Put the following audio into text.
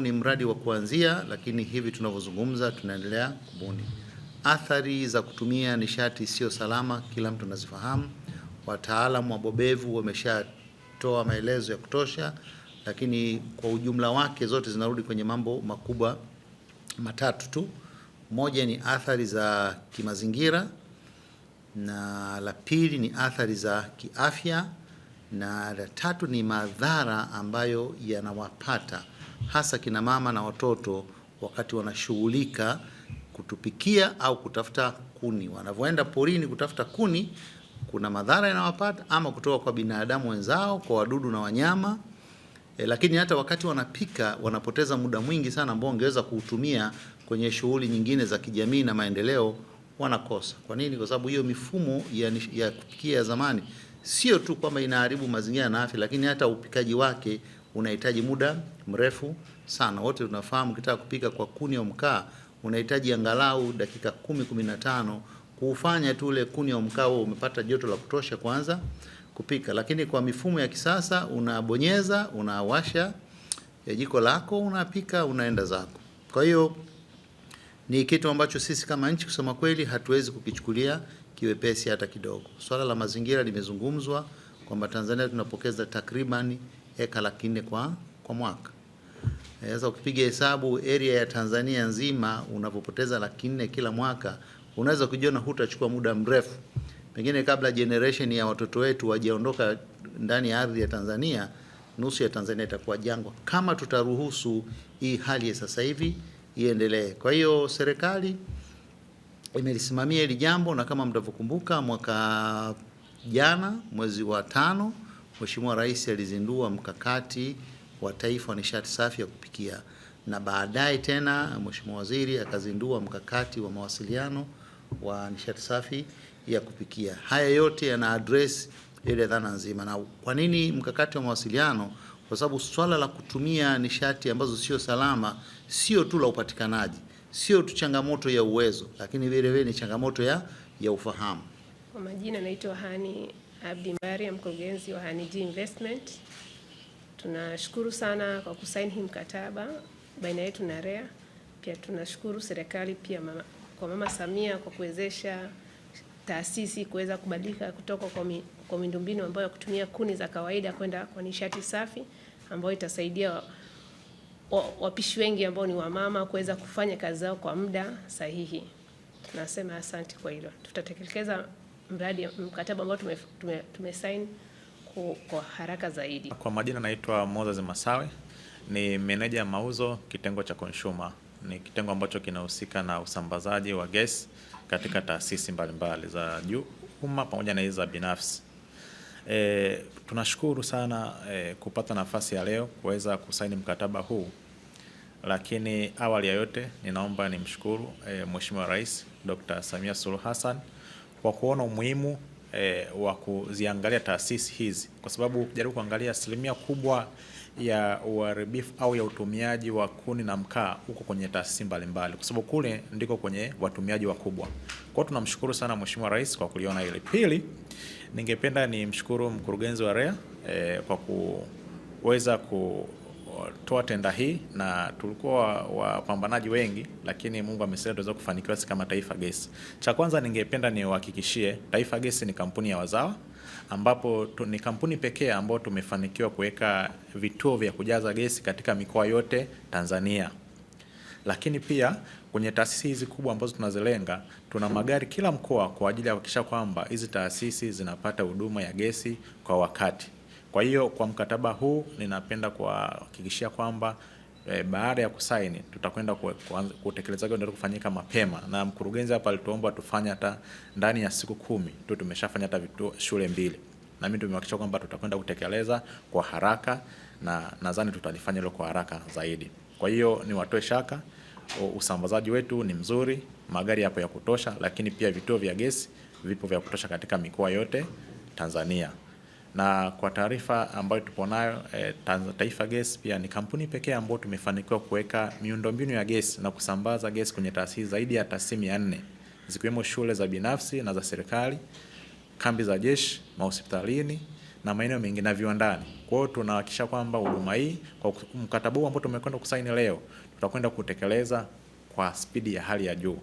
ni mradi wa kuanzia, lakini hivi tunavyozungumza tunaendelea kubuni. Athari za kutumia nishati isiyo salama kila mtu anazifahamu, wataalamu wabobevu wameshatoa maelezo ya kutosha, lakini kwa ujumla wake zote zinarudi kwenye mambo makubwa matatu tu. Moja ni athari za kimazingira, na la pili ni athari za kiafya, na la tatu ni madhara ambayo yanawapata hasa kina mama na watoto wakati wanashughulika kutupikia au kutafuta kuni. Wanavyoenda porini kutafuta kuni, kuna madhara yanawapata ama kutoka kwa binadamu wenzao, kwa wadudu na wanyama e, lakini hata wakati wanapika wanapoteza muda mwingi sana ambao wangeweza kuutumia kwenye shughuli nyingine za kijamii na maendeleo, wanakosa. Kwa nini? Kwa sababu hiyo mifumo ya, ya kupikia ya zamani sio tu kwamba inaharibu mazingira na afya, lakini hata upikaji wake unahitaji muda mrefu sana. Wote tunafahamu ukitaka kupika kwa kuni au mkaa unahitaji angalau dakika kumi, kumi na tano kuufanya tu ule kuni au mkaa umepata joto la kutosha kwanza kupika. Lakini kwa mifumo ya kisasa unabonyeza, unawasha eh, jiko lako, unapika, unaenda zako. Kwa hiyo ni kitu ambacho sisi kama nchi kusema kweli hatuwezi kukichukulia kiwepesi hata kidogo. Swala la mazingira limezungumzwa kwamba Tanzania tunapokeza takribani eka laki nne kwa, kwa mwaka. Sasa ukipiga hesabu area ya Tanzania nzima unapopoteza laki nne kila mwaka, unaweza kujiona hutachukua muda mrefu, pengine kabla generation ya watoto wetu wajaondoka ndani ya ardhi ya Tanzania, nusu ya Tanzania itakuwa jangwa, kama tutaruhusu hii hali ya sasa hivi iendelee. Kwa hiyo serikali imelisimamia hili jambo, na kama mtavyokumbuka, mwaka jana mwezi wa tano Mheshimiwa Rais alizindua mkakati wa taifa wa nishati safi ya kupikia na baadaye tena Mheshimiwa Waziri akazindua mkakati wa mawasiliano wa nishati safi ya kupikia. Haya yote yana address ile dhana nzima. Na kwa nini mkakati wa mawasiliano? Kwa sababu swala la kutumia nishati ambazo sio salama sio tu la upatikanaji, sio tu changamoto ya uwezo, lakini vile ni changamoto ya, ya ufahamu. Kwa majina naitwa Hani Abdi Maria, mkurugenzi wa Haniji Investment. Tunashukuru sana kwa kusaini hii mkataba baina yetu na REA. Pia tunashukuru serikali pia mama, kwa Mama Samia kwa kuwezesha taasisi kuweza kubadilika kutoka kwa miundombinu ambayo ya kutumia kuni za kawaida kwenda kwa nishati safi ambayo itasaidia wapishi wengi ambao ni wamama kuweza kufanya kazi zao kwa muda sahihi. Tunasema asante kwa hilo, tutatekeleza mradi mkataba ambao tume, tume, kwa haraka zaidi. Kwa majina naitwa Moses Masawe, ni meneja mauzo kitengo cha consumer. Ni kitengo ambacho kinahusika na usambazaji wa gesi katika taasisi mbalimbali za juu umma pamoja na hizo za binafsi. E, tunashukuru sana e, kupata nafasi ya leo kuweza kusaini mkataba huu, lakini awali ya yote ninaomba nimshukuru e, Mheshimiwa Rais Dr. Samia Suluhu Hassan kwa kuona umuhimu e, wa kuziangalia taasisi hizi, kwa sababu jaribu kuangalia asilimia kubwa ya uharibifu au ya utumiaji wa kuni na mkaa huko kwenye taasisi mbalimbali, kwa sababu kule ndiko kwenye watumiaji wakubwa. Kwa hiyo tunamshukuru sana Mheshimiwa Rais kwa kuliona hili. Pili, ningependa nimshukuru mkurugenzi wa REA e, kwa kuweza ku tulitoa tenda hii na tulikuwa wapambanaji wa wengi, lakini Mungu amesema tuweza kufanikiwa sisi kama Taifa Gesi. Cha kwanza ningependa niwahakikishie Taifa Gesi ni kampuni ya wazawa ambapo tu, ni kampuni pekee ambayo tumefanikiwa kuweka vituo vya kujaza gesi katika mikoa yote Tanzania. Lakini pia kwenye taasisi hizi kubwa ambazo tunazilenga, tuna magari kila mkoa kwa ajili ya kuhakikisha kwamba hizi taasisi zinapata huduma ya gesi kwa wakati. Kwa hiyo kwa mkataba huu ninapenda kuhakikishia kwamba e, baada ya kusaini tutakwenda kutekeleza ndio kufanyika mapema, na mkurugenzi hapa alituomba tufanye hata ndani ya siku kumi tu, tumeshafanya hata vitu shule mbili, na mimi tumehakikisha kwamba tutakwenda kutekeleza kwa haraka, na nadhani tutalifanya hilo kwa haraka zaidi. Kwa hiyo niwatoe shaka, usambazaji wetu ni mzuri, magari yapo ya kutosha, lakini pia vituo vya gesi vipo vya kutosha katika mikoa yote Tanzania na kwa taarifa ambayo tupo nayo e, Taifa Gas pia ni kampuni pekee ambayo tumefanikiwa kuweka miundombinu ya gesi na kusambaza gesi kwenye taasisi zaidi ya taasisi mia nne zikiwemo shule za binafsi na za serikali, kambi za jeshi, mahospitalini na maeneo mengine na viwandani. Kwa hiyo tunahakikisha kwamba huduma hii kwa mkataba huu ambao tumekwenda kusaini leo tutakwenda kutekeleza kwa spidi ya hali ya juu.